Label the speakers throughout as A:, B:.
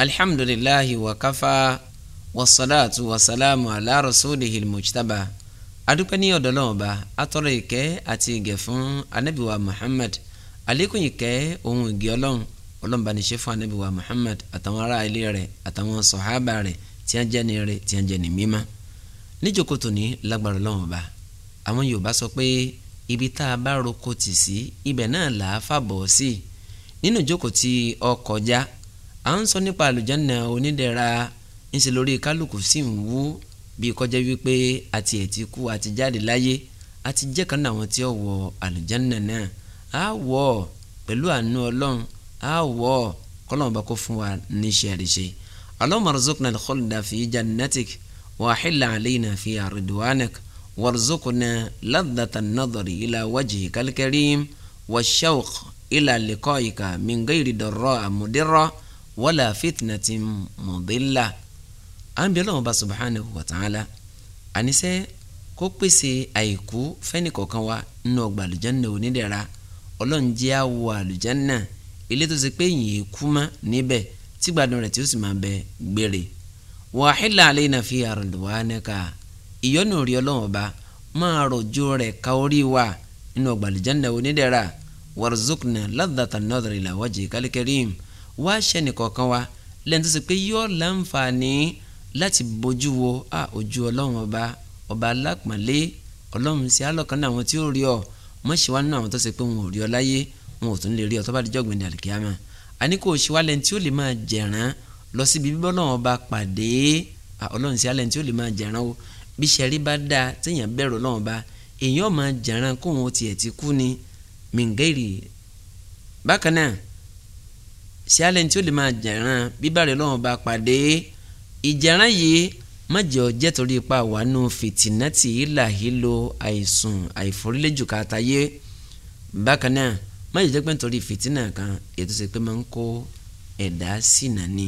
A: alhamdulilahi wa kafa wasalaatu wasalaamu ala rasulihi mujtaba adúpẹ́ ní ọ̀dọ̀ Ọlọ́hun Ọba atọ́rọ ìkẹ́ àti ìgẹ̀ fún anabiwa Muhammad àlékún ìkẹ́ ohun ìgè ọlọ́run ọlọ́run bá ní ṣe fún anabiwa Muhammad àtàwọn ará ilé rẹ̀ àtàwọn sọ̀hábà rẹ̀ tí a jẹ́ ni rẹ̀ tí a jẹ́ ni mímá níjókòó tòní lágbára Ọlọ́hun àwọn Yorùbá sọ pé ibi tá a bá roko tì sí ibẹ̀ náà là á fàbọ̀ sí nínú ìjókòó tí ó kọjá à ń sọ nípa àlùjáná onídẹ̀ra ńṣe lórí kálukú sì ń wú bí kọjá wípé àti ẹ̀tí kú àti jáde láyé àti jẹ́ kan náà àwọn tí ó wọ àlùjáná náà á wọ̀ ọ́ pẹ̀lú àánú ọlọ́run á wọ̀ ọ́ bá kó fún wa níṣẹ́ àríṣe Allahumma rzuqna al-khulda fi jannatik wa ahilla fi ridwanak warzuqna ladhata nadari ila wajhika al-karim wa ash-shawq ila liqa'ika wala fitnatin mudilla à ń bí ọlọ́run bá subhanahu wa ta'ala àníṣe kó pèsè àìkú fẹ́ni kọ̀ọ̀kan wa nínú ọgbà àlùjánnà onídẹ̀ra ọlọ́run jẹ́ àwọ̀ àlùjánnà ilé tó ṣe pé yìnyín kú mọ́ níbẹ̀ tí gbádùn rẹ̀ tí ó sì máa bẹ gbére wàhálà alayna fi ridwanaka ìyọ́nù rí ọlọ́run ọba máa rọ̀jò rẹ̀ ka orí wa nínú ọgbà àlùjánnà onídẹ̀ra warzukna ladhata an-nadri ila wajhikal wá ṣẹ́nìkọ̀ọ̀kan wa lẹ́yìn tó ṣe pé yóò láǹfààní láti bójú wo a ojú ọlọ́run ọba ọba alápọ̀nlé ọlọ́run sí alọ́kan náà àwọn tí ó rí ọ mọ̀ ṣe wá nínú àwọn tó ṣe pé wọn ò rí ọ láyé wọn ò tún lè rí ọ tó bá dijọ́ gbẹ̀ndẹ̀ àlùkìyàmà àní kò ṣe wá lẹ́yìn tí ó lè máa jẹ̀ràn lọ síbi bíbọ́ náà ọba pàdé ọlọ́run sí alẹ́yìn tí ó lè máa jẹ̀ràn o bí sẹ́rí bá dáa téèyàn bẹ̀rù ọlọ́run ọba èèyàn máa jẹ̀ràn kóun tiẹ̀ ti kú ni mìngẹ́rì bákan náà sí alẹ́ tí ó lè máa jẹ̀ràn bíbá rẹ̀ lọ́wọ́ bá pàdé ìjẹ̀ràn yìí májọ jẹ́ torí ipa wà nù fìtínà tí ìlà yìí lo àìsùn àìforílẹ́jù káàtayé bákan náà májọ jẹ́ pé nítorí fìtínà kan ètò ṣe pé máa ń kó ẹ̀dá sí nàní.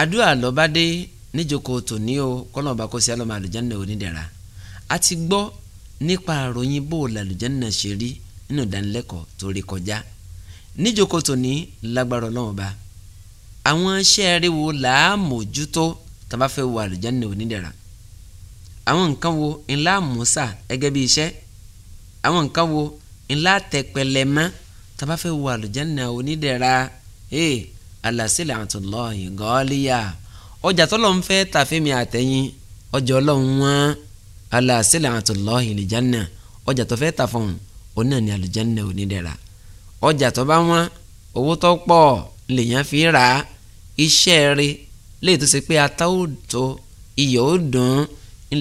A: àdúrà lọ́bádé níjókòó tòní o kọ́nà ọba kó sí alọ́mọ àlùjáná onídẹ̀ra a ti gbọ́ nípa àròyìn bó o ṣe rí nínú ìdánilẹ́kọ̀ọ́ tó kọjá níjókòó tòní lágbára ọlọ́run ọba àwọn sẹ́ẹ̀rì wo làá mójútó tàbá fẹ́ wọ àlùjánnà onídẹ̀ra àwọn nǹkan wo ńlá mùsà gẹ́gẹ́ bí iṣẹ́ àwọn nǹkan wo ńlá tẹpẹlẹ mọ́ tàbá fẹ́ wọ àlùjánnà onídẹ̀ra ee alásìlẹ̀ àtúnlọ́ọ̀hì gọ́ọ́líyà ọjà tọ́lọ́ ń fẹ́ tàfẹ́mi àtẹ̀yìn ọjà ọlọ́run wọn alásìlẹ̀ àtúnlọ́ọ̀hì lìjánà ọjà tó fẹ́ tàfọ̀hún onáà ní àlùjánnà onídẹ̀ra ọjà tó bá wọ́n owó tó pọ̀ lèèyàn fi rà á iṣẹ́ rẹ̀ léyìí tó ṣe pé ata ó tó iyọ̀ ó dùn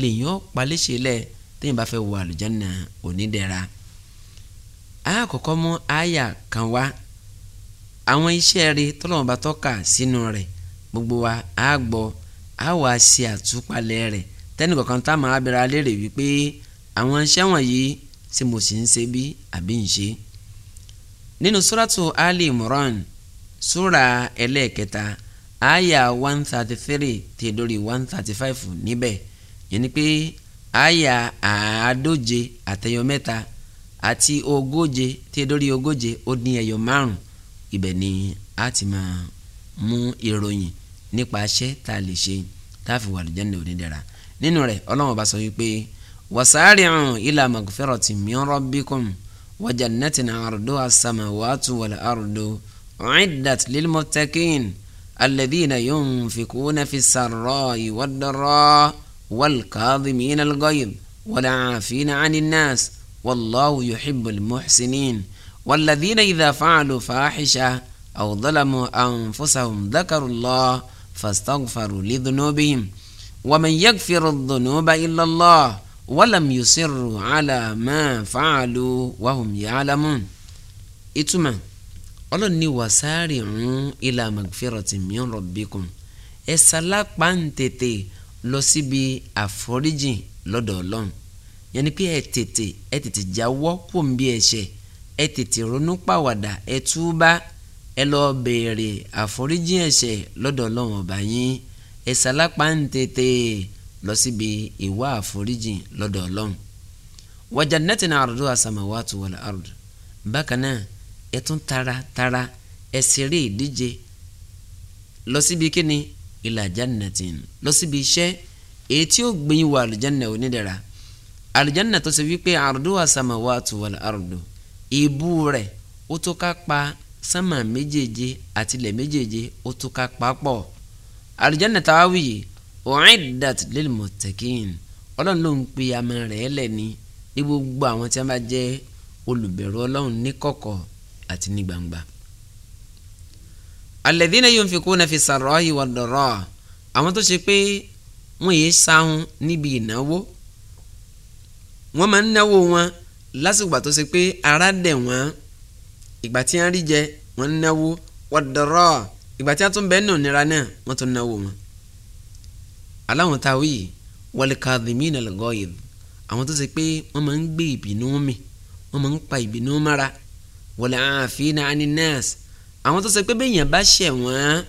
A: lèèyàn ó palẹ́ṣẹ́ lẹ̀ téèyàn bá fẹ́ wọ àlùjáná onídẹ̀ra àkọ́kọ́ mú àyà kan wá àwọn iṣẹ́ rẹ̀ tọ́lọ́mọba tọ́ka sínú rẹ̀ gbogbo wa á gbọ́ á wá ṣe àtúpalẹ̀ rẹ̀ tẹ́nìkọ̀kan tá a alẹ́ rẹ̀ wípé àwọn iṣẹ́ wọ̀nyí ṣe mo sì ń ṣe bí àbí ń ṣe é nínú suratu ali imran sura ẹlẹ́ẹ̀kẹta aya one thirty three ti dórí one thirty five níbẹ̀ yẹn ni pé aya àádóje àtẹyọ mẹ́ta àti ogóje ti dórí ogóje ó dín ẹyọ márùn ibẹ̀ ni a ti máa mú ìròyìn nípa aṣẹ́ tá a lè ṣe tá a fi wà lójẹ́ ní onídẹ̀ra nínú rẹ̀ ọlọ́run bá sọ wípé wasari'u ila magfirati min rabbikum. وجنة عرضها السماوات والأرض أعدت للمتقين الذين ينفقون في السراء والضراء والكاظمين الغيظ والعافين عن الناس والله يحب المحسنين والذين إذا فعلوا فاحشة أو ظلموا أنفسهم ذكروا الله فاستغفروا لذنوبهم ومن يغفر الذنوب إلا الله walam yusirru ala ma fa'alu wahum ya'lamun. ìtumọ̀ ọlọ́run ní wasari'u ila magfiratin min rabbikum ẹ sálápá ń tètè lọ síbi àforíjì lọ́dọ̀ ọlọ́run yẹn ni pé ẹ tètè ẹ tètè jáwọ́ kó ń bí ẹ̀ṣẹ̀ ẹ tètè ronú ẹ túbá ẹ lọ béèrè àforíjì ẹ̀ṣẹ̀ lọ́dọ̀ ọlọ́run ọba yín ẹ sálápá ń tètè lọ síbi ìwá àforíjì lọ́dọ̀ ọlọ́run wa jannatin arduha as-samawatu wal ard bákan náà ẹ tún tara tara ẹ ṣeré ìdíje lọ síbi kíni ila jannatin lọ síbi iṣẹ́ èyí tí ó gbìyìn wọ àlùjánnà onídẹ̀ra àlùjánnà tó ṣe wípé arduha as-samawatu wal ard ìbú rẹ̀ ó tó ká pa sánmà méjèèje àtilẹ̀ méjèèje ó tó ká pa pọ̀ àlùjánnà táwa wíyì u'iddat lil muttaqin ọlọ́run ló ń pe àmọ́ rẹ̀ lẹ̀ ní ní gbogbo àwọn tí wọ́n bá jẹ́ olùbẹ̀rù ọlọ́run ní kọ̀kọ̀ àti ní gbangba. alladhina yunfikuna fi sarra'i wad dharra àwọn tó ṣe pé wọ́n yéé sáhun níbi ìnáwó wọ́n máa ń náwó wọn lásìgbà tó ṣe pé ara dẹ̀ wọ́n ìgbà tí wọ́n rí jẹ wọ́n náwó wad dharra ìgbà tí wọ́n tún bẹ́ẹ̀ nù nira náà wọ́n tún náwó wọn aláwọn tá a wí walikadhimina alghayd àwọn tó ṣe pé wọ́n máa ń gbé ìbínú mì wọ́n máa ń pa ìbínú mára wal'afina 'anin nas àwọn tó ṣe pé bẹ́ẹ̀yàn bá ṣẹ̀ wọ́n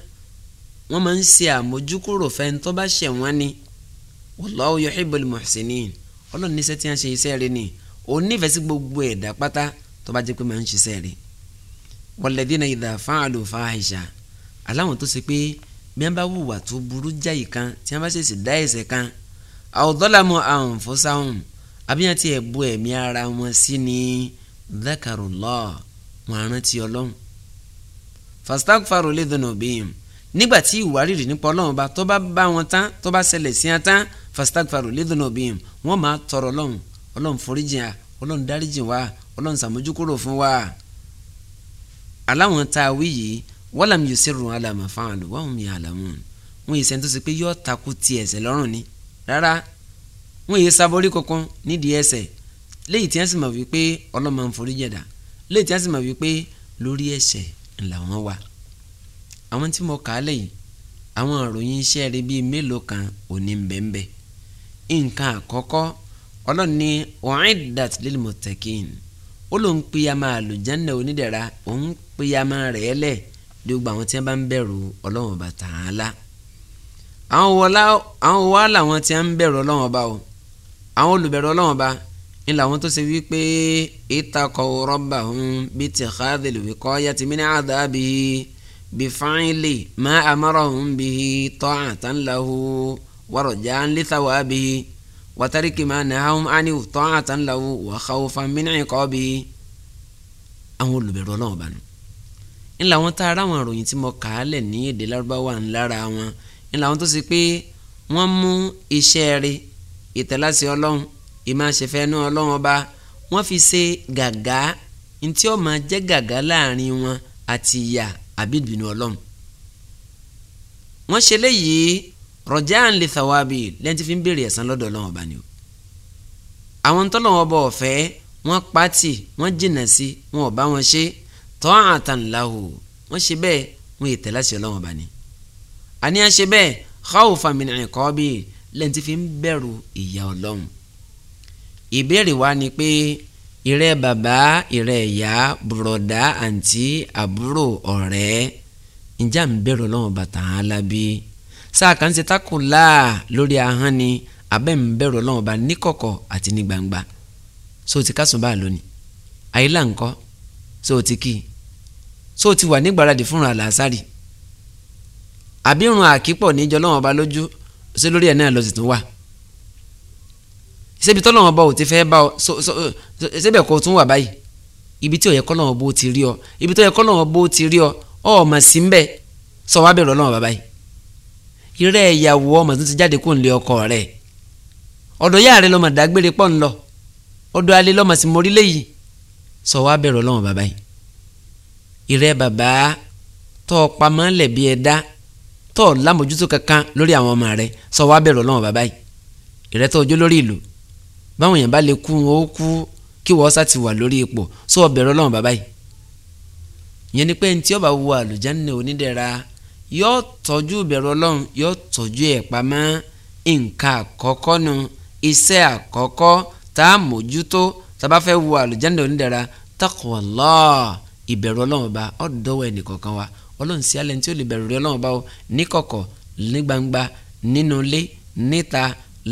A: wọ́n máa ń ṣe àmójúkúrò fẹ́ni tó bá ṣẹ̀ wọ́n ni wallahu yuhibbul muhsinin ọlọ́run níṣẹ́ tí wọ́n iṣẹ́ rẹ̀ ni òun sí gbogbo ẹ̀dá pátá tó bá jẹ́ pé máa ń ṣiṣẹ́ rẹ̀ walladhina idha fa'alu fahisha aláwọn tó ṣe pé bí wọ́n bá hùwà tó burú jáì kan tí wọ́n bá ṣèṣì dá ẹ̀ṣẹ̀ kan àwòdọ́làmù àǹfọ̀sáhùn àbíyàn ti ẹ̀ bu ẹ̀mí ara wọn sí ni dhakarullah wọn rántí ọlọ́run fastaghfaru lidhunubihim nígbà tí ìwárìrì nípa ọlọ́run bá tó bá bá wọn tán tó bá ṣẹlẹ̀ sí wọn tán fastaghfaru lidhunubihim wọn máa tọrọ ọlọ́run ọlọ́run foríjìn à ọlọ́run dáríjìn wá ọlọ́run ṣàmójúkúrò fún wa aláwọn tá a wí yìí walam yusirru ala ma fa'alu wa hum ya'lamun wọn yìí sẹ́ni tó ṣe pé yọ takú ti ẹ̀ṣẹ̀ lọ́rùn ni rárá wọn yìí sábọ́rí kankan nídìí ẹ̀ṣẹ̀ léyìí tí wọ́n sì mọ̀ wípé ọlọ́mọ ń forí jẹ̀dá léyìí tí wọ́n sì mọ̀ wípé lórí ẹ̀ṣẹ̀ ńlá wọn wà. àwọn tí mo kà á lẹ́yìn àwọn ìròyìn iṣẹ́ rẹ bíi mélòó kan òní bẹ́ẹ̀nbẹ́ nǹkan àkọ́kọ́ ọlọ́run ní lil muttaqin ó lóun píyàmá àlùjánnà onídẹ̀ra òun píyàmá dé gbogbo àwọn tí wọ́n bá ń bẹ̀rù ọlọ́run ọba tààlà àwọn wá làwọn tí wọ́n ń bẹ̀rù ọlọ́run ọba o àwọn olùbẹ̀rù ọlọ́run ọba ń làwọn tó ṣe wípé ìtakọ̀ rọ́bà ń bí ti xaadìlì wíkọ́ yàtí mí ní àdàbí bí fáìlì má àmọ́rọ̀ ń bí tọ́ àtànláhu wọ́rọ̀ já ń lítàwá bí wàtàríkì má nàáhùn ánìwò tọ́ àtànláhu wà xawfà mí ní bí àwọn olùbẹ̀rù ọlọ́run ọba nù ńlá wọn tá ara wọn ròyìn tí mo kà á lẹ̀ ní èdè lárúbáwá ńlára wọn ńlá wọn tó ṣe pé wọ́n mú iṣẹ́ rí ìtẹ̀láṣẹ ọlọ́run ìmáṣẹfẹ́ náà ọlọ́run ọba wọ́n fi ṣe gàgá ntí ó máa jẹ́ gàgá láàrin wọn àti ìyà àbíbínú ọlọ́run wọ́n ṣe léyìí rọ̀jà ń lè thawabi lẹ́yìn tí fi ń béèrè ẹ̀san lọ́dọ̀ ọlọ́run ọba ni o àwọn tọ́lọ́wọ́n ọba ọ̀fẹ́ wọ́n pátì wọ́n jìnnà sí wọn ò wọn ṣe é ta'atan lahu wọ́n ṣe bẹ́ẹ̀ wọ́n yìí tẹ̀lé àṣẹ Ọlọ́run bá ní. àní àṣẹ bẹ́ẹ̀ khawfan min iqabi lẹ́yìn tí fi ń bẹ̀rù ìyà Ọlọ́run. ìbéèrè wa ni pé ìrẹ́ bàbá ìrẹ́ ìyá bùrọ̀dá àǹtí àbúrò ọ̀rẹ́ ìjà ń bẹ̀rù Ọlọ́run bàtà á lábí. sáà kan ṣe takùlá lórí ahọ́n ni abẹ́ ń bẹ̀rù Ọlọ́run bá níkọ̀kọ̀ àti ní gbangba so ti lónìí àyílà ńkọ́ so ti so ti wà nígbàradì fúnra làásàrì àbírun àkípọ̀ níjọ lọ́wọ́n ọba lójú ṣé lórí ẹ̀ náà lọ sì tún wà ṣébi tọ́lọ́wọ́n ọba ò ti fẹ́ bá ọ ṣébẹ̀ kó tún wà báyìí ibi tí ò yẹ kọ́lọ́wọ́n bó ti rí ọ ibi tó yẹ kọ́lọ́wọ́n bó ti rí ọ ọ ọmọ sí mbẹ sọ wá bẹ̀rù ọlọ́wọ́n bàbá yìí irẹ́ ìyàwó ọmọ tó ti jáde kó ń lé ọkọ rẹ̀ ọ̀dọ̀ yára rẹ̀ lọ́mọ dágbére pọ̀ ńlọ ọ̀dọ̀ alẹ́ lọ́mọ sí morílẹ̀ yìí sọ wá bẹ̀rù ọlọ́wọ́n bàbá yìí ìrẹ́ bàbá tọ́ ọ pamọ́ lẹ̀bi ẹ̀dá tọ́ ọ lámójútó kankan lórí àwọn ọmọ rẹ sọ wá bẹ̀rù ọlọ́wọ́n bàbá yìí ìrẹ́ tọ́ ọjọ́ lórí ìlú báwọn èèyàn bá lè kú ó kú kí wọ́n sá ti wà lórí ipò sọ ọ bẹ̀rù ọlọ́wọ́n bàbá yìí ìyẹn ni pé ntí ọba wo àlùjáde onídẹ̀ra yóò tọ́jú ìbẹ̀rù ọlọ́run yóò tọ́jú ẹ̀ pamọ́ nǹkan àkọ́kọ́ nu iṣẹ́ àkọ́kọ́ tá a tá a bá fẹ́ wo àlùjáde onídẹ̀ra taqwallah ìbẹ̀rù ọlọ́run ọba ọ̀dọ́wọ́ ẹnìkọ̀ọ̀kan wa ọlọ́run sí alẹ́ tí ó lè bẹ̀rù rẹ ọlọ́run ọba o níkọ̀kọ̀ ní gbangba nínú ilé níta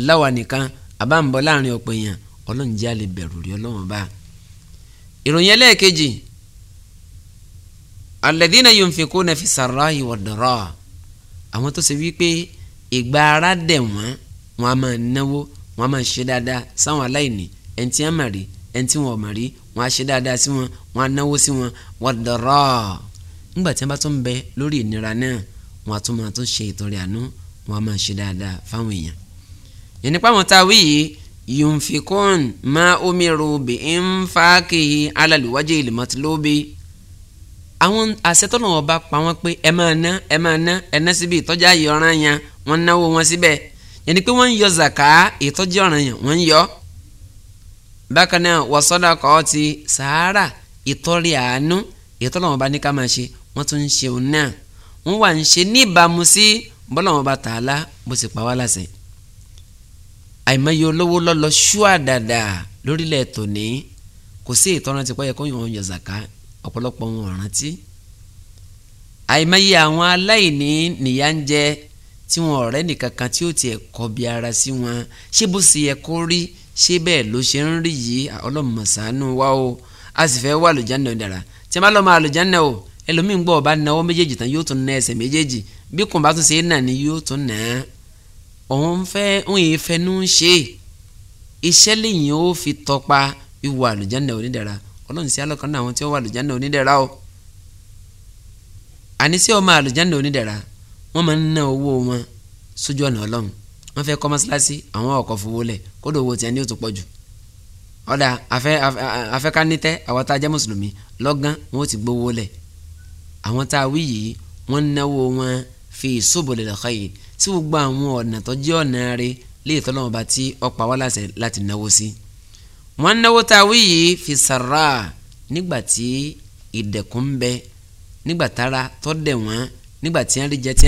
A: láwa nìkan àbámbọ̀ láàrin ọ̀pọ̀ èèyàn ọlọ́run jẹ́ alẹ́ bẹ̀rù rẹ ọlọ́run ọba. ìròyìn ẹlẹ́ẹ̀kejì alladhina yunfikuna fi sarra'i wad-dharra àwọn tó ṣe wípé ìgbà ara dẹ̀ wọ́n wọn a máa náwó wọn a máa ṣe dáadáa sáwọn aláìní ẹni tí wọn mà rí ẹni tí wọn ò rí wọn á ṣe dáadáa sí wọn wọn á náwó sí wọn wọn dọ̀rọ̀ ńgbà tí wọn bá tún bẹ lórí ìnira náà wọn á tún máa tún ṣe ìtọrẹ àánú wọn á máa ṣe dáadáa fáwọn èèyàn. ìnípa wọn tá a wí yìí yunfikun ma umiru bi infaqihi ala alwajhil matlubi àwọn àṣetọ́nà ọba pa wọ́n pé ẹ máa ná ẹ máa ná ẹ ná síbi ìtọ́jú ayé ọ̀ràn yẹn wọ́n náwó wọn síbẹ̀ yẹn ni pé wọ́n ń yọ zaka ìtọ́jú ọ̀ràn yẹn wọ́n ń yọ ọ́ bákan náà wọ́sọ́dà kọ́ ti sàárà ìtọ́rẹ àánú ìtọ́lọ́wọ́n bá ní ká máa ṣe wọ́n tún ń ṣe òun náà wọ́n wà ń ṣe níbàámu sí bọ́lọ́wọ́n bá tààlà bó sì pa wá láṣẹ. àìmọye olówó lọ́lọ́ ṣúà dáadáa lórílẹ̀ tòní kò sí ìtọ́ran ti pẹ́yẹ kóyún ọ̀hún yọ̀zàká ọ̀pọ̀lọpọ̀ wọn rántí. àìmọye àwọn aláìní nìyà ń jẹ tí wọn ọ̀rẹ́ nìkankan tí ó tiẹ̀ kọbi ara sí wọn ṣé bó sì yẹ kó rí ṣé bẹ́ẹ̀ ló ṣe ń rí yìí ọlọ́mọ ṣàánú wa o a sì fẹ́ wà lùjáná dára tí a bá lọ́ máa lùjáná o ẹlòmíín gbọ́ ọba náwó méjèèjì tán yóò tún ná ẹsẹ̀ méjèèjì bí kùn bá tún ṣe é nà ni yóò tún nà á òun fẹ́ òun yìí fẹnu ń ṣe iṣẹ́ lẹ́yìn ó fi tọpa ìwà àlùjáná onídàra ọlọ́run sí alọ́kan náà àwọn tí ó wà àlùjáná onídàra o àní sí ọmọ àlùjáná onídàra wọ́n máa ń ná owó wọn sójú ọ̀nà ọlọ́run wọ́n fẹ́ kọ́ mọ́sálásí àwọn ọkọ̀ fowó lẹ̀ kódò owó tiẹ̀ ní òtún pọ̀ jù ọ̀dà afẹ́ afẹ́ ká nítẹ́ àwọn tá a jẹ́ mùsùlùmí lọ́gán wọn ò ti gbowó lẹ̀ àwọn tá a wí yìí wọ́n náwó wọn fi subul khair sí gbogbo àwọn ọ̀nà tó jẹ́ ọ̀nà rẹ̀ léè tọ́lọ́wọ́n bá tí ọ̀pá wá láṣẹ láti náwó sí. wọ́n náwó tá a wí yìí fi sàrà nígbà tí ìdẹ̀kùn ń bẹ nígbà tára tó dẹ̀ wọ́n nígbà tí wọ́n rí jẹ tí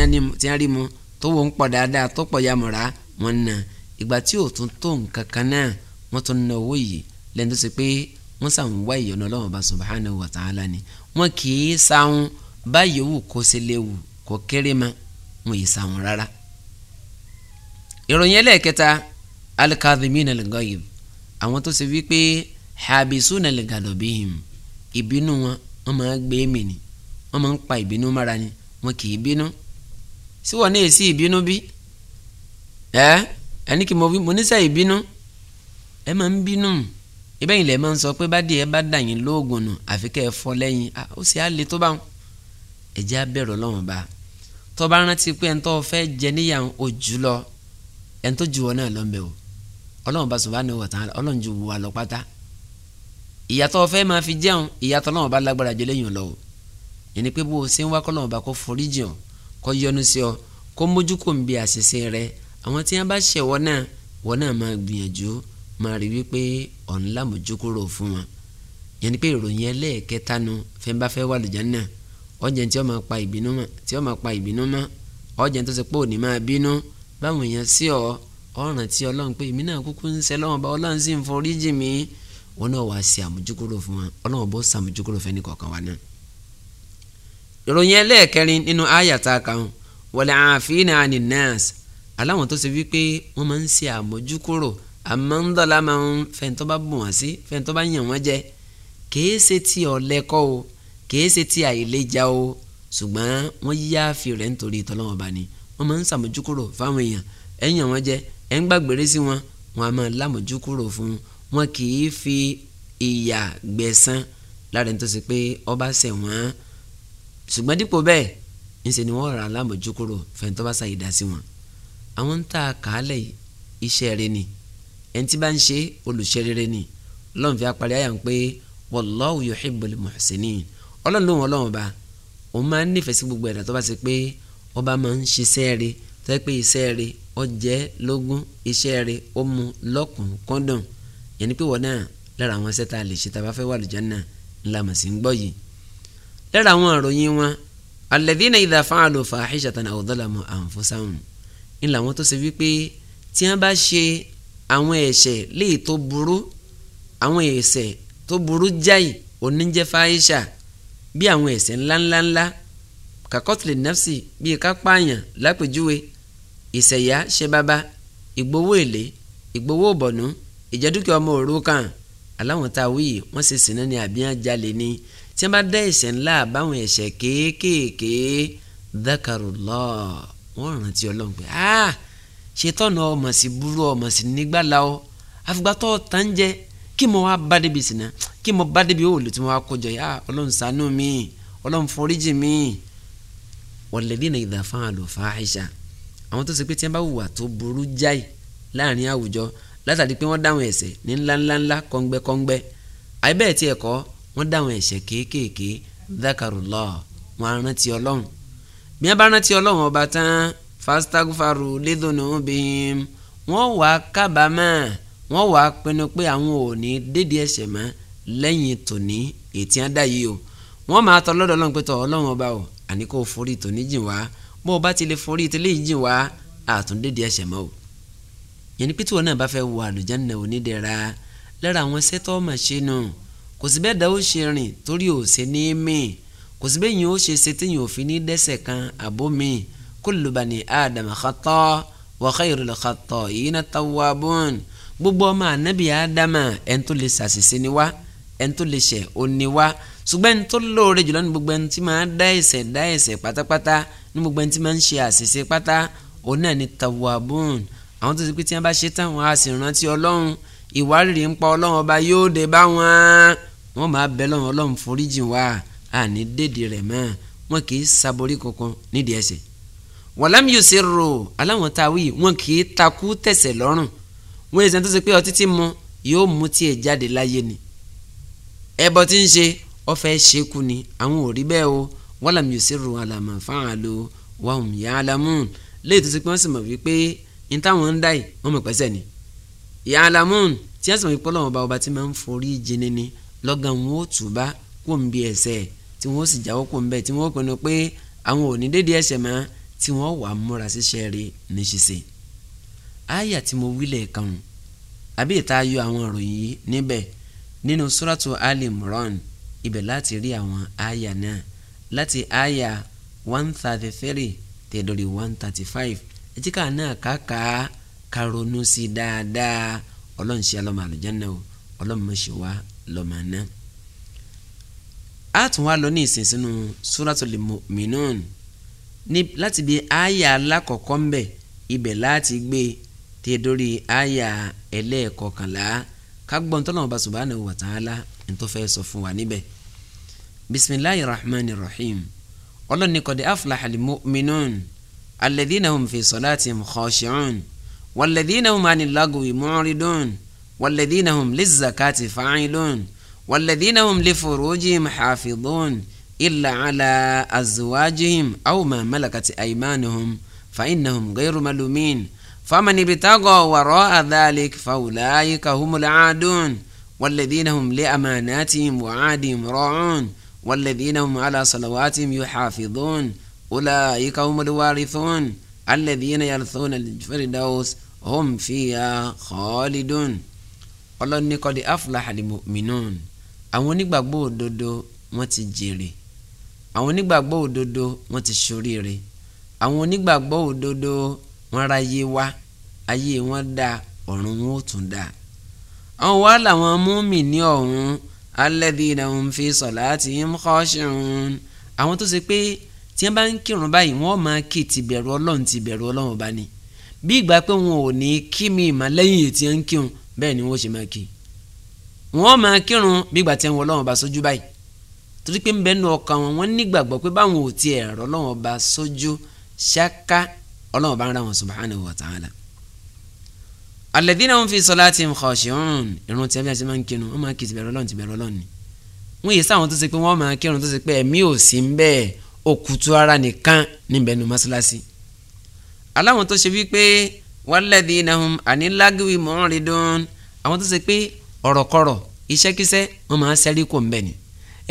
A: wọ́n rí mu tó wọ́n ń pọ̀ dáadáa tó pọ̀ yamọ̀ra wọ́n nà ìgbà tí ò tún tó nǹkan kan náà wọ́n tún ná owó yìí lẹ́nu tó ṣe pé wọ́n sàn wá ìyọ̀nà ọlọ́run bá subhanahu wa ta'ala ni wọ́n kì í sáwọn báyìí owó kó ṣe léwu kó kéré ma wọ́n yìí sáwọn rárá. ìròyìn ẹlẹ́ẹ̀kẹta al-kadhimina al-ghayb àwọn tó ṣe wípé habisuna li-ghadabihim ìbínú wọn wọ́n máa gbé mì ni wọ́n máa ń pa ìbínú mára ni wọ́n kì í bínú sí wọn náà sí ìbínú bí ẹ ẹni kí mo wí mo níṣẹ́ ìbínú ẹ máa ń bínú ibẹ̀yìn lẹ̀ máa ń sọ pé bá díẹ̀ bá dà yín lóògùn nù àfi kẹ́ ẹ fọ́ lẹ́yìn ó sì á le tó bá wọn ẹ̀jẹ̀ á bẹ̀rù bá tó rántí pé ẹ̀ńtọ́ fẹ́ jẹ níyàwó ojú lọ ẹ̀ńtọ́ ju wọn náà lọ́nbẹ̀ o ọlọ́run bá subhanahu wa ta'ala ọlọ́run ju wa lọ pátá ìyàtọ̀ fẹ́ máa fi jẹun ìyàtọ̀ náà bá lágbára jẹ lẹ́yìn lọ o yẹn ni pé bó o ṣe ń wá kọ́ bá kó foríjì hàn kó yọ́nú sí ọ kó mójú kò ń bi àṣìṣe rẹ àwọn tí wọn bá ṣẹ̀ wọ́n náà wọ́n náà máa gbìyànjú máa rí wípé ọ̀n lámójú kúrò fún wọn yẹn ni pé ìròyìn ẹlẹ́ẹ̀kẹta nu fẹ́ bá fẹ́ wà lùjánnà ọ̀jẹ̀ tí ó máa pa ìbínú mọ́ tí ó máa pa ìbínú mọ́ ọ̀jẹ̀ tó ṣe pé òní máa bínú báwọn èèyàn sí ọ ọ̀ràn tí ọlọ́run pé èmi náà kúkú ń ṣe lọ́wọ́n bá ọlọ́run sì ń forí jì mí wọn náà wàá ṣe àmójúkúrò fún wọn ọlọ́run bó ṣàmójúkúrò fẹ́ni kọ̀ọ̀kan wa náà ìròyìn ẹlẹ́ẹ̀kẹrin nínú àyàtà kan wọlé àfihàn àní nọ́ọ̀sì aláwọn tó ṣe wípé wọ́n máa ń ṣe àmójúkúrò àmọ́ ń dọ́là máa ń fẹ́ntọ́ bá bù wọ́n sí fẹ́ntọ́ bá yàn wọ́n jẹ kìí ṣe ti ọ̀lẹ́kọ́ o kìí ṣe ti àìlèjà o ṣùgbọ́n wọ́n yíyá fi rẹ̀ nítorí ìtọ́lọ́wọ́n bá ni wọ́n máa ń ṣàmójúkúrò fáwọn èèyàn ẹ̀ wọ́n jẹ ẹ̀ ń gbàgbére sí wọn wọn a máa lámójúkúrò fún wọn kìí fi ìyà gbẹ̀san lára tó ṣe pé ọba ṣẹ̀ wọ́n ṣùgbọ́n dípò bẹ́ẹ̀ ńṣe ni wọ́n rà alámọ̀jú kúrò fẹ́ntọ́ bá ṣàyè dá sí wọn àwọn ń ta àkàálẹ̀ iṣẹ́ rẹ ni ẹni tí bá ń ṣe olùṣe rere ni ọlọ́run fi apárí àyà ń pé wallahu yuhibbul muhsinin ọlọ́run lóhùn ọlọ́run ba òun máa ń nífẹ̀ẹ́ sí gbogbo ẹ̀dá tó bá ṣe pé ọba máa ń ṣiṣẹ́ rẹ tó yẹ pé iṣẹ́ rẹ ó jẹ́ lógún iṣẹ́ rẹ ó mu lọ́kùn kọ́ndọ̀n yẹn ni pé wọ́n náà lára àwọn iṣẹ́ tá ṣe tá a bá fẹ́ wà lùjọ́ náà ńlá màsí ń gbọ́ yìí lára àwọn ìròyìn wọn alladhina idha fa'alu fahishatan aw zalamu anfusahum ń làwọn tó ṣe wípé tí wọ́n bá ṣe àwọn ẹ̀ṣẹ̀ léè tó burú àwọn ẹ̀ṣẹ̀ tó burú jáì oníjẹ́ fáyíṣà bí àwọn ẹ̀ṣẹ̀ ńláńláńlá kakọ́tìlẹ̀ nafsi bíi kápáàyàn lápèjúwe ìṣẹ̀yà ṣe bàbá ìgbowó èlé ìgbowó ìbọ̀nú ìjẹ́dúkìá ọmọ òrukàn aláwọn tá a wọ́n ṣe sìnà tí wọ́n bá dá ẹ̀ṣẹ̀ ńlá àbáwọn ẹ̀ṣẹ̀ kéékèèké dhakarullah wọ́n rántí ọlọ́run pé ah ṣètọ́nà ọmọ sí burú ọmọ sí nígbàlá ọ àfìgbàtọ́ tán jẹ kí mo wá bá débi sínú kí mo bá débi òòlù tí mo wá kójọ yá ah, ọlọ́run ṣàánú mi ọlọ́run foríjì mi walladhina idha fa'alu fahisha àwọn tó ṣe pé tí wọ́n bá hùwà tó burú jáì láàrin àwùjọ látàrí pé wọ́n dáhùn ẹ̀ṣẹ̀ ní ńláńláńlá kọ́ngbẹ́kọ́ngbẹ́ àìbẹ́ẹ̀ tiẹ̀ kọ́ wọ́n dá àwọn ẹ̀ṣẹ̀ kéékèèké dhakarullah wọ́n arántí ọlọ́run bí wọ́n bá rántí ọlọ́run ọba tán fastagfaru lidhunubihim wọ́n wàá kábàámọ̀ wọ́n wàá pinnu pé àwọn ò ní dédé ẹ̀ṣẹ̀ mọ́ lẹ́yìn tòní ètí á dá yìí o wọ́n máa tọ́ lọ́dọ̀ ọlọ́run pé tọ́ ọlọ́run ọba o àní kò forí tòní jìn wá bó o bá ti lè forí tòní jìn wá àtúndédé ẹ̀ṣẹ̀ mọ́ o yẹn ni pété wọn náà bá fẹ́ wọ àlùjánnà onídẹ̀ra lára àwọn sẹ́tọ́ màṣínù kò sí bẹ́ẹ̀ dá ó ṣe rìn torí ò ṣe ní mí kò sí bẹ́ẹ̀ yín ó ṣe ṣe téyìn òfin ní dẹ́ṣẹ̀ kan àbó mi kullu bani Adama khata wa khayrul khatta'ina tawwabun gbogbo ọmọ anabi Adama ẹni tó lè ṣàṣìṣe ni wá ẹni tó lè ṣẹ̀ ó ní wá ṣùgbọ́n ẹni tó lóore jùlọ ní gbogbo ẹni tí máa dá ẹ̀ṣẹ̀ dá ẹ̀ṣẹ̀ pátápátá ní gbogbo ẹni tí máa ń ṣe àṣìṣe pátá òun náà ni tawwabun àwọn tó ti pé tí wọ́n bá ṣe táwọn á Ọlọ́run ìwárìrì ń pa Ọlọ́run ọba yóò dé bá wọn wọ́n máa bẹ lọ́wọ́ ọlọ́run foríjì wá àní dédìí rẹ̀ mọ́ wọn kì í saborí kankan nídìí ẹ̀ṣẹ̀ wàlám yóò ṣe rò aláwọn tá a wí wọn kì í takú tẹ̀sẹ̀ lọ́rùn wọn èsì tó ṣe pé ọtí tí mu yóò mú tiẹ̀ jáde láyé ni ẹbọ tí ń ṣe ọfẹ ṣekú ni àwọn ò rí bẹ́ẹ̀ o wàlám yóò ṣe rò àlàmà fáwọn àlò wàhùn yá àlàmù léyìí tó ṣe pé wọ́n sì mọ̀ wípé ní táwọn ń dá yìí wọ́n mọ̀ pẹ́sẹ̀ ni yá àlàmù tí wọ́n sì mọ̀ wípé ọlọ́wọ́n bá ọba tí máa ń forí jìnnì ni lọ́gàn wọn ó tù bá kó ń bi ẹ̀ṣẹ̀ tí wọn ó sì jáwọ́ kó ń bẹ̀ tí wọn ó pinnu pé àwọn ò ní dédé ẹ̀ṣẹ̀ mọ́ tí wọn ó wà múra síṣẹ́ rí ní ṣíṣe. àyà tí mo wílẹ̀ kàn àbí ìta yọ àwọn ìròyìn yìí níbẹ̀ nínú suratu Ali Imran ibẹ̀ láti rí àwọn àyà náà láti àyà one thirty three tẹ̀dọ̀rì one thirty five ẹtí ká náà kàkà ká ronú sí dáadáa ọlọ́run ṣe alọ́mọ àlùjáná o ọlọ́run mọ̀ ṣe wá lọ́mọ náà a tún wá lọ ní ìsìn sínú Suratul Mu'minun ní láti bí àyà alákọ̀ọ́kọ́ ń bẹ̀ ibẹ̀ láti gbé tí dórí àyà ẹlẹ́ẹ̀kọkànlá kágbọ́n tọ́lọ́mọ bá subhanahu wa ta'ala ní tó fẹ́ sọ fún wa níbẹ̀ bisimilahi rahmani rahim ọlọ́ni kọ́dé aflahal mu'minun alladhina hum fi salatihim khashi'un walladhina hum anil lagwi mu'ridun. والذين هم للزكاة فاعلون والذين هم لفروجهم حافظون إلا على أزواجهم أو ما ملكت أيمانهم فإنهم غير ملومين فمن ابتغى وراء ذلك فأولئك هم العادون والذين هم لأماناتهم وعادهم راعون والذين هم على صلواتهم يحافظون أولئك هم الوارثون الذين يرثون الفردوس هم فيها خالدون ọlọ́ni kọ́dí aflahal mu'minun àwọn onígbàgbọ́ òdodo wọ́n ti jèrè àwọn onígbàgbọ́ òdodo wọ́n ti ṣoríire àwọn onígbàgbọ́ òdodo wọ́n ráyé wá ayé wọn dá ọ̀run wọn ò tún dá àwọn wá làwọn mùmínì ọ̀hún alladhina hum fi salatihim khashi'un àwọn tó ṣe pé tí wọ́n bá ń kírun báyìí wọ́n máa kí ti bẹ̀rù ọlọ́run ti bẹ̀rù ọlọ́run bá ní bí ìgbà pé wọn ò ní kí mi ìmọ̀ ètí ń kírun bẹ́ẹ̀ ni wọ́n ṣe máa kí wọ́n máa kírun bígbà tí wọ́n lọ́wọ́ bá sójú báyìí torí pé ń bẹ́ẹ̀ nu ọkàn wọn wọ́n nígbàgbọ́ pé báwọn ò tiẹ̀ rọ́ lọ́wọ́ bá sójú ṣáká ọlọ́wọ́ bá ń ra wọn subhanahu wa ta'ala. alladhina hum fi salatihim khashi'un irun tí abíyá ṣe máa ń kírun wọ́n máa kí tìbẹ̀rẹ̀ ọlọ́run tìbẹ̀rẹ̀ ọlọ́run ni wọ́n yẹ sáwọn tó ṣe pé wọ́n máa kírun tó ṣe pé ẹ̀mí ò sí ń bẹ́ẹ̀ òkùtù ara nìkan níbẹ̀ nu mọ́ṣáláṣí aláwọn tó ṣe wípé walladhina hum anil lagwi mu'ridun àwọn tó ṣe pé ọ̀rọ̀kọ̀rọ̀ iṣẹ́kíṣẹ́ wọn máa ṣẹ́rí kò ń bẹ̀ ni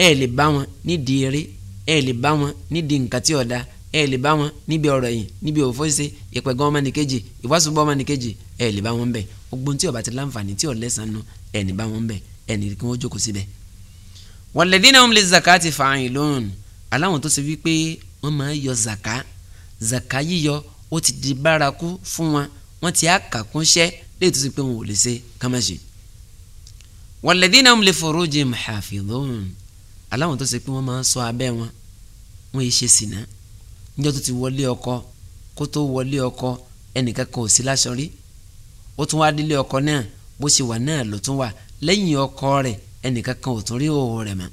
A: ẹ lè bá wọn nídìí eré ẹ lè bá wọn nídìí nǹkan tí ọ̀dà ẹ lè bá wọn níbi ọ̀rọ̀ yìí níbi òfò ṣe ìpẹ̀gàn ọmọnìkejì ìwàsùnbọ̀ ọmọnìkejì ẹ lè bá wọn bẹ̀ ogun tí ó ti láǹfààní tí ọ̀lẹ́sàn nu ẹ ní bá wọn bẹ̀ ẹ ní kí wọ́n jókòó síbẹ̀. walladhina hum lizzakati fa'ilun aláwọn tó ṣe wípé wọ́n máa yọ zaka zaka yíyọ ó ti di bárakú fún wọn wọ́n ti àkàkúnṣẹ́ léyìí tó ti pé wọn ò lè ṣe kámáṣe. walladhina hum li furujihim hafidhun aláwọn tó ṣe pé wọ́n máa ń ṣọ́ abẹ́ wọn wọ́n yìí ṣe sìnà níjọ́ tó ti wọlé ọkọ kó tó wọlé ọkọ ẹnìkan kò sí láṣọ rí ó tún wá délé ọkọ náà bó ṣe wà náà ló tún wà lẹ́yìn ọkọ rẹ̀ ẹnìkan kan ò tún rí òwò rẹ̀ mọ́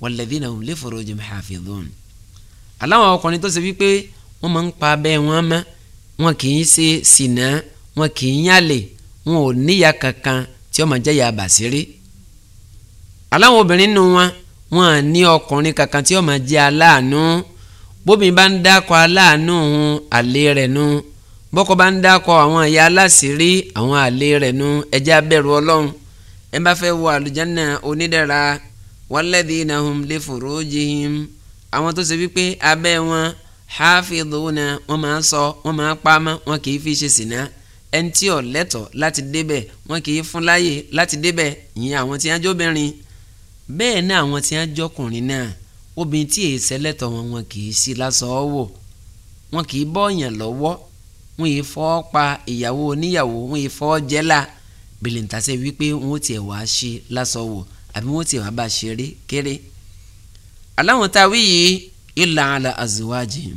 A: walladhina hum li furujihim hafidhun aláwọn ọkùnrin tó ṣe wípé wọ́n máa ń pa abẹ́ wọn mọ́ wọn kì í ṣe sìnà wọn kì í yálè wọn ò níyà kankan tí ó máa jẹ́ ìyà bàṣírí. aláwọn obìnrin nù wọn wọn à ní ọkùnrin kankan tí ó máa jẹ́ aláàánú bóbi bá ń dákọ̀ aláàánú òun àlè rẹ̀ nù bọ́kọ bá ń dákọ̀ àwọn ìyá aláṣírí àwọn àlè rẹ̀ nù ẹjẹ́ abẹ́rù ọlọ́run ẹ bá fẹ́ wọ àlùjáná onídẹ̀ra walladhina hum li furujihim àwọn tó ṣe wípé abẹ́ wọn hafidhuna wọ́n máa sọ wọ́n máa pamọ́ wọn kì í fi ṣe sìnà ẹni tí ò lẹ́tọ̀ láti débẹ̀ wọn kì í fún láyè láti débẹ̀ ìyẹn àwọn tí wọ́n jóbìnrin bẹ́ẹ̀ náà àwọn tí wọ́n jọkùnrin náà obìnrin tí èyí sẹ́lẹ̀tọ̀ wọn wọn kì í sí lásán wò wọn kì í bọ́ọ̀yàn lọ́wọ́ wọn yìí fọ́ pa ìyàwó oníyàwó wọn yìí fọ́ jẹ́là bìlìntàṣẹ́ wípé wọn ò tiẹ̀ wá ṣe lásán wò àbí wọn ò tiẹ̀ wá bá ṣeré kéré. aláwọn tá yìí illa ala azwajihim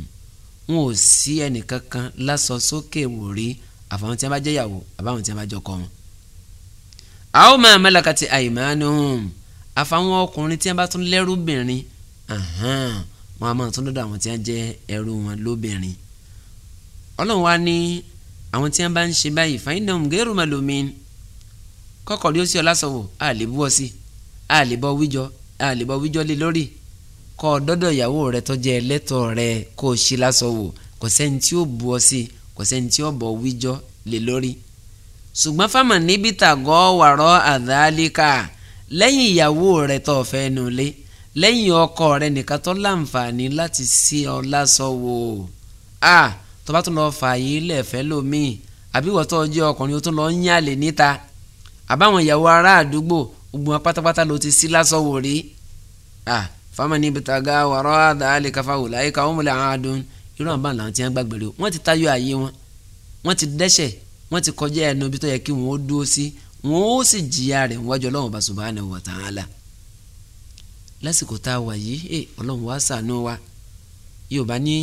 A: wọn ò sí ẹnìkankan lásọ sókè wòrí àfàwọn tí wọn bá jẹ́ ìyàwó àbáwọn tí wọn bá jọkọ wọn. aw ma malakati aymanuhum àfàwọn ọkùnrin tí wọn bá tún lẹ́rúbìnrin wọn a máa tún dọ́dọ̀ àwọn tí wọn jẹ́ ẹrú wọn lóbìnrin. ọlọ́run wa ní àwọn tí wọn bá ń ṣe báyìí fainahum ghairu malumin kọ́kọ́rí ó sì ọ lásọ̀wọ̀ àlébúwọ̀ àlébọ̀ wíjọ àlébọ̀ wíjọ lé lórí kọ́ ọ dọ́dọ̀ ìyàwó rẹ tó jẹ́ ẹlẹ́tọ̀ rẹ kó o ṣí lásán wò kò sẹ́ni tí ó bu ọ sí kò sẹ́ni tí ó bọ̀ wíjọ́ lé lórí. ṣùgbọ́n fámà níbi tàgọ́ wàrọ́ àdáálíkà lẹ́yìn ìyàwó rẹ tó fẹ́ nulẹ̀ lẹ́yìn ọkọ rẹ nìkan tó láǹfààní láti sí ọ lásán wò a tó bá tún lọ fààyè lẹ́fẹ̀ẹ́ lómìn àbí wọ́n tó jẹ́ ọkùnrin tó lọ ń yàlè níta àbáwọn ìyàwó ará àdúgbò gbogbo pátápátá ló ti sí lásán rí a. Ah fámánì ibùtàgà wàrọ̀ àdáálì káfáwòlá ayíká wọn múlẹ̀ àwọn adùn irú aban báńlá ti ń gbàgbére wọ́n ti tayọ ààyè wọn wọ́n ti dẹ́ṣẹ̀ wọ́n ti kọjá ẹnu ibi tó yẹ kí wọ́n ó dúró sí wọ́n ó sì jìyà rẹ̀ wájú ọlọ́run bá subhanahu wa ta'ala lásìkò tá a wà yìí ẹ eh, ọlọ́run wá ṣàánú wa yorùbá ní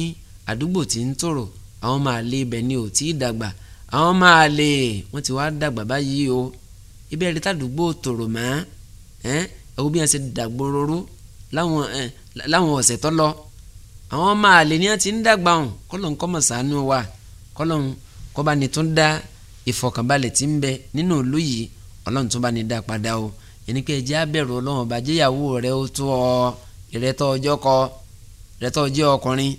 A: àdúgbò tí ń tòrò àwọn máa lé ibẹ̀ ni ò tí dàgbà àwọn máa lè wọ́n ti wá dàgbà báyìí o ibẹ̀ rí tàdúgbò tòrò mọ́ ẹ́ ẹ̀ wo bí wọ́n ṣe dàgbòróró láwọn ẹ láwọn ọ̀sẹ̀ tó lọ àwọn ọmọ àlè ni a ti ń dàgbà hàn kọ́lọ̀ ń kọ́mọ̀ sànú wa kọ́lọ̀ ń kọ́ba ni tó ń dá ìfọ̀kànbalẹ̀ tí ń bẹ nínú ìlú yìí ọlọ́run tó bá ní dá padà o ẹni pé ẹjẹ́ abẹ̀rù ọlọ́run ọba jẹ́yàwó rẹ ó tó ọ ìrẹ́tọ́ ọjọ́ kọ ìrẹ́tọ́ ọjọ́ ọkùnrin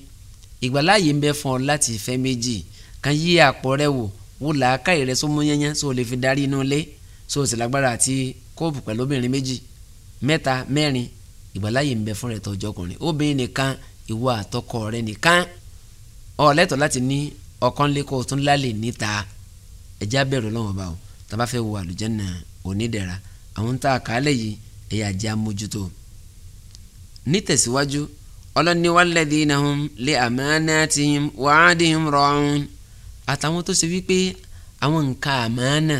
A: ìgbàláyè ń bẹ fún ọ láti fẹ́ méjì kan yí àpò rẹ wò wò làákà ìrẹ́ só mú yẹnyẹn só lè fi darí inú ilé só sì lágbára àti kóòpù pẹ̀lú obìnrin méjì mẹ́ta mẹ́rin ìgbàláyè ń bẹ fún rẹ tọjọ ọkùnrin obìnrin nìkan ìwọ àtọkọ rẹ nìkan ọ lẹ́tọ̀ọ́ láti ní ọkàn lẹkọ tún lálẹ́ níta ẹjá bẹ̀rù lọ́wọ́ bá o tàbá fẹ́ wo àlùjànnà onídẹ̀ra àwọn ń ta àkàálẹ̀ yìí ẹ̀yà jẹ́ amójútó nítẹ̀síwájú ọlọ́ni walladhina hum li amanatihim wa ahdihim ra'un àtàwọn tó ṣe wípé àwọn nǹkan àmánà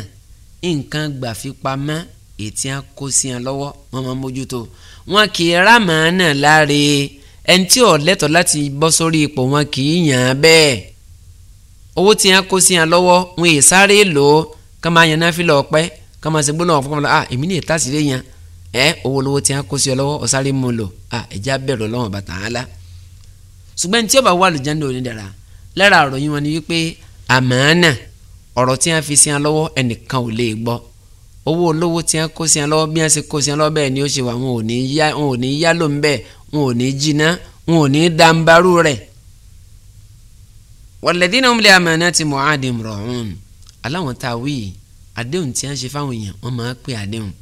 A: nǹkan gbàfipamọ́ ètí á kó sí ẹ lọ́wọ́ wọ́n máa mójútó wọn kì í rà màá náà láre ẹni tí ò lẹ́tọ̀ọ́ láti bọ́ sórí ipò wọn kì í yàn án bẹ́ẹ̀ owó tí á kó sí ẹ lọ́wọ́ wọn è sáré lò ó ká máa yan náfìlà ọ̀pẹ́ ká máa ṣe gbóná ọ̀pọ̀ kọ́mọ́lá à èmi ní ìta sí lè yan ẹ owó lówó tí á kó sí ẹ lọ́wọ́ ọ̀sáré mú lò à ẹ̀já bẹ̀rù ọlọ́wọ́n bàtà á la ṣùgbọ́n tí ó bá wà lùjẹ́ ní onídàra lára ni wípé àmàánà ọ̀rọ̀ tí á fi sí ẹ owó olówó tí wọ́n kó sí wọn lọ́wọ́ bí wọ́n ṣe kó sí wọn lọ́wọ́ bẹ́ẹ̀ ni ó ṣe wà wọn ò ní yá wọn ò ní yá ló ń bẹ̀ wọn ò ní jiná wọn ò ní dambaru rẹ̀. walladhina hum li amanati mu'ahdim ra'un aláwọn tá a wí àdéhùn tí wọ́n ṣe fáwọn èèyàn wọ́n máa pè àdéhùn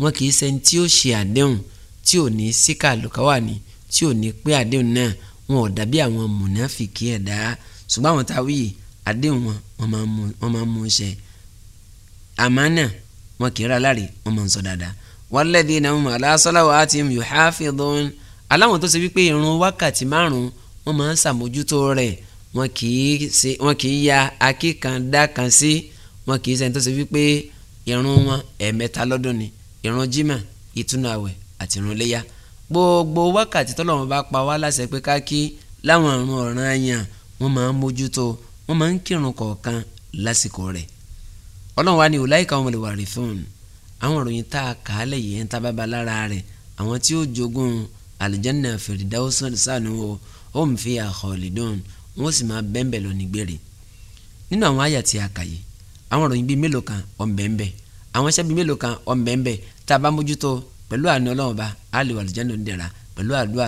A: wọn kì í sẹ́ni tí ó ṣe àdéhùn tí ò ní síkà lùkáwà ni tí ò ní pé àdéhùn náà wọn ò dàbí àwọn mùnáfìkì ẹ̀dá ṣùgbọ́n àwọn tá a wí àdéhùn wọn wọ́n máa mú ṣẹ àmánà wọn kì í ra láre wọn máa ń sọ dáadáa walladhina hum ala salawatihim yuhafidhun aláwọn tó ṣe wípé irun wákàtí márùn wọn máa ń ṣàmójútó rẹ̀ wọn kì í ya akíkandá kan sí wọn kì í ṣẹni tó ṣe wípé irun wọn ẹ̀ẹ̀mẹ́ta lọ́dún ni irun jimá ìtúnu àwẹ̀ àti irun léyà gbogbo wákàtí tọ́lọ́run bá pa wá láṣẹ pé ká kí láwọn àrùn ọ̀ràn àyàn wọ́n máa ń mójútó wọ́n máa ń kírun kọ̀ọ̀kan lásìkò rẹ̀ ọlọ́run wa ni ulaika humul warithun àwọn ìròyìn tá a kà á lẹ̀ yìí ń ta lára rẹ̀ àwọn tí ó jogún aljanna firdausi sànù o hum fiha khalidun wọ́n sì máa bẹ́ẹ̀nbẹ́ lọ ní gbére nínú àwọn àyà tí a kà yìí àwọn ìròyìn bíi mélòó kan ọ̀nbẹ̀ẹ̀nbẹ̀ àwọn iṣẹ́ bíi mélòó kan ọ̀nbẹ̀ẹ̀nbẹ̀ tá a bá mójútó pẹ̀lú àánú ọlọ́run ba a lè wà aljanna dẹ̀ra pẹ̀lú àdúrà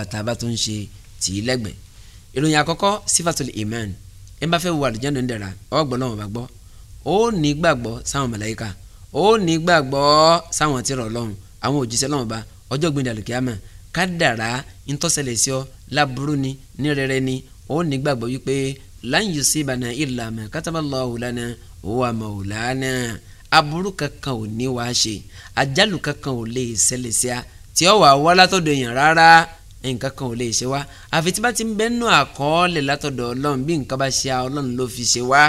A: ó ní gbàgbọ́ sáwọn màláíkà ó ní gbàgbọ́ sáwọn tìrọ Ọlọ́run àwọn òjíṣẹ́ Ọlọ́run ba ọjọ́ gbẹ̀ndẹ̀ àlùkìyàmà kádàrá ntọ́sẹ̀lẹ̀ sí ọ láburú ni ní rere ni ó ní gbàgbọ́ wípé lan yusibana illa ma kataballahu lana huwa maulana aburú kankan ò ní wá ṣe àjálù kankan ò lè ṣẹlẹ̀ sí a tí ó wà wá látọ̀dọ̀ èèyàn rárá nǹkan kan ò lè ṣe wá àfi tí bá ti ń bẹ́ẹ̀ nù àkọọ́lẹ̀ látọ̀dọ̀ ọlọ́run bí nǹkan bá ṣe ọlọ́run ló fi ṣe wá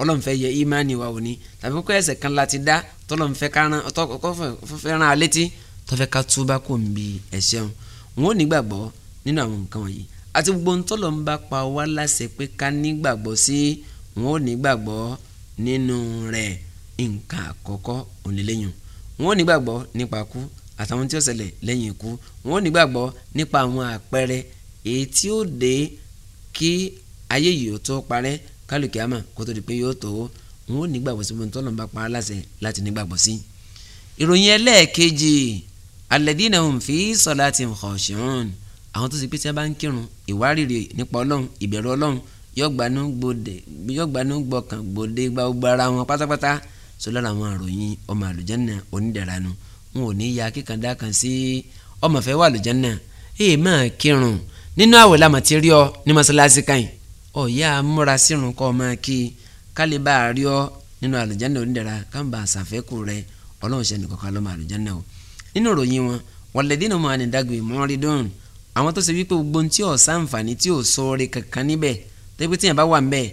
A: ọlọ́nfẹ́ yẹ ìmánì wa òní tàbí kókó ẹ̀ṣẹ̀ kan láti dá tọ́lọ́nfẹ́ kárán tọ́fẹ́ rán alétí tọ́fẹ́ ká túbá kò ń bi ẹ̀ṣẹ̀ wọn wọn ò nígbàgbọ́ nínú àwọn nǹkan wọ̀nyí àti gbogbo ntọ́lọ́ ń bá pa wá láṣẹ pé ká nígbàgbọ́ sí wọn ò nígbàgbọ́ nínú rẹ̀ nǹkan àkọ́kọ́ òǹlẹ́lẹ́yìn wọn ò nígbàgbọ́ nípa kú àtàwọn tí ó ṣẹlẹ̀ lẹ́yìn ikú wọn ò nígbàgbọ́ nípa àwọn àpẹẹrẹ èyí tí ó dé kí ayé yìí ó tó parẹ́ kálukì àmà kó tó di pé yóò tó wọn ò nígbàgbọ́ sí wọn tọ́lọ́mùbá pa á láṣẹ láti nígbàgbọ́ sí. ìròyìn ẹlẹ́ẹ̀kejì alladhina hum fi salatihim khashi'un àwọn tó ti pé tí a bá ń kírun ìwárìrì nípa ọlọ́run ìbẹ̀rù ọlọ́run yọ̀gbánú gbòde yọ̀gbánú gbọ̀kàn gbòde gbàgbọ́ ara wọn pátápátá sọlá làwọn àròyìn ọmọ àlùjánná onídàránu wọn ò ní ya kíkandá kan sí ọmọ fẹ́ wà àlùjánná èèmọ̀ kírun nínú àwẹ̀ làmọ̀ ti rí ọ ní mọ́sálásí káyìn ọ̀yá múra sírun kọ́ máa kí kálíbà rí ọ nínú àlùjáná onídàra káńbà àsàfẹ́kù rẹ ọlọ́run ṣe nìkan kan lọ́mọ àlùjáná o nínú ìròyìn wọn wọ̀lẹ́dínà máa ní dàgbé mọ́rí dùn àwọn tó ṣe wípé gbogbo tí ò sáǹfààní tí ò sóore kankan níbẹ̀ tẹ́gbẹ́ tíyẹn bá wà ńbẹ̀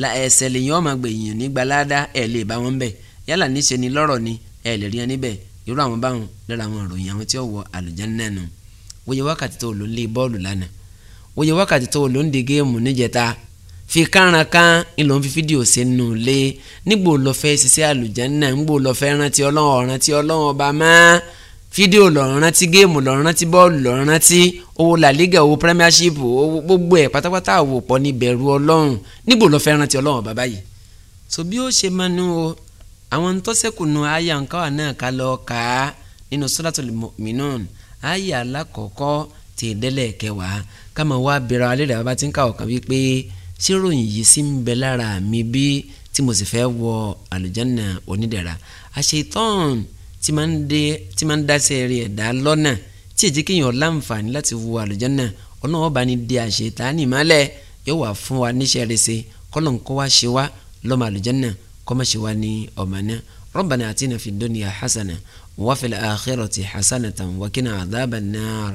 A: la ẹsẹ̀ lèyìn ọmọ gbèyìn nígbà ládá ẹ̀ lè bá wọn bẹ̀ yálà níṣe ni lọ́rọ̀ ni ẹ̀ lè rí ẹ níbẹ̀ irú àwọn báwọn lọ́ra àwọn ìròyìn àwọn tí ó wọ àlùjáná nù wòye wákàtí tó lò ń lé bọ́ọ̀lù lánàá wòye wákàtí tó lò ń de géèmù níjẹta fi kánrankan ńlọ fi fídíò sínú ilé nígbò lọ fẹ́ ṣiṣẹ́ àlùjánnà ńgbò lọ fẹ́ rántí ọlọ́run rántí ọlọ́run ọba máa fídíò lọ́rùn rántí géèmù lọ́rùn rántí bọ́ọ̀lù lọ́rùn rántí owó La Liga owó Premiership owó gbogbo ẹ̀ pátápátá àwò pọ̀ ní bẹ̀rù ọlọ́run nígbò lọ fẹ́ rántí ọlọ́run ọba báyìí so bí ó ṣe máa nu o àwọn ntọ́sẹ̀kùnú àyà nǹkan náà ká lọ kà á nínú Suratul Mu'minun àyà alákọ̀ọ́kọ́ tèèdẹ́lẹ̀ kẹwàá ká máa wá bẹ̀rẹ̀ alẹ́ rẹ̀ bá ti ń ká ọ̀kan wípé tí ròyìn yìí sì ń bẹ lára mi bí tí mo sì fẹ́ wọ àlùjáná onídẹ̀ra àṣetán tí máa ń dáṣẹ́ rí ẹ̀dá lọ́nà tí èjì kéèyàn láǹfààní láti wọ àlùjáná ọ̀nà ọba ni di àṣetánì mọ́lẹ̀ yóò wà fún wa níṣẹ́ rẹ̀ kọ́lọ̀ ń kọ́ wa ṣe wa lọ́mọ àlùjáná kọ́mọ ṣe wa ní ọ̀mọ náà Rabbana atina fid dunya hasana wa fil akhirati hasanatan wa qina adhaban nar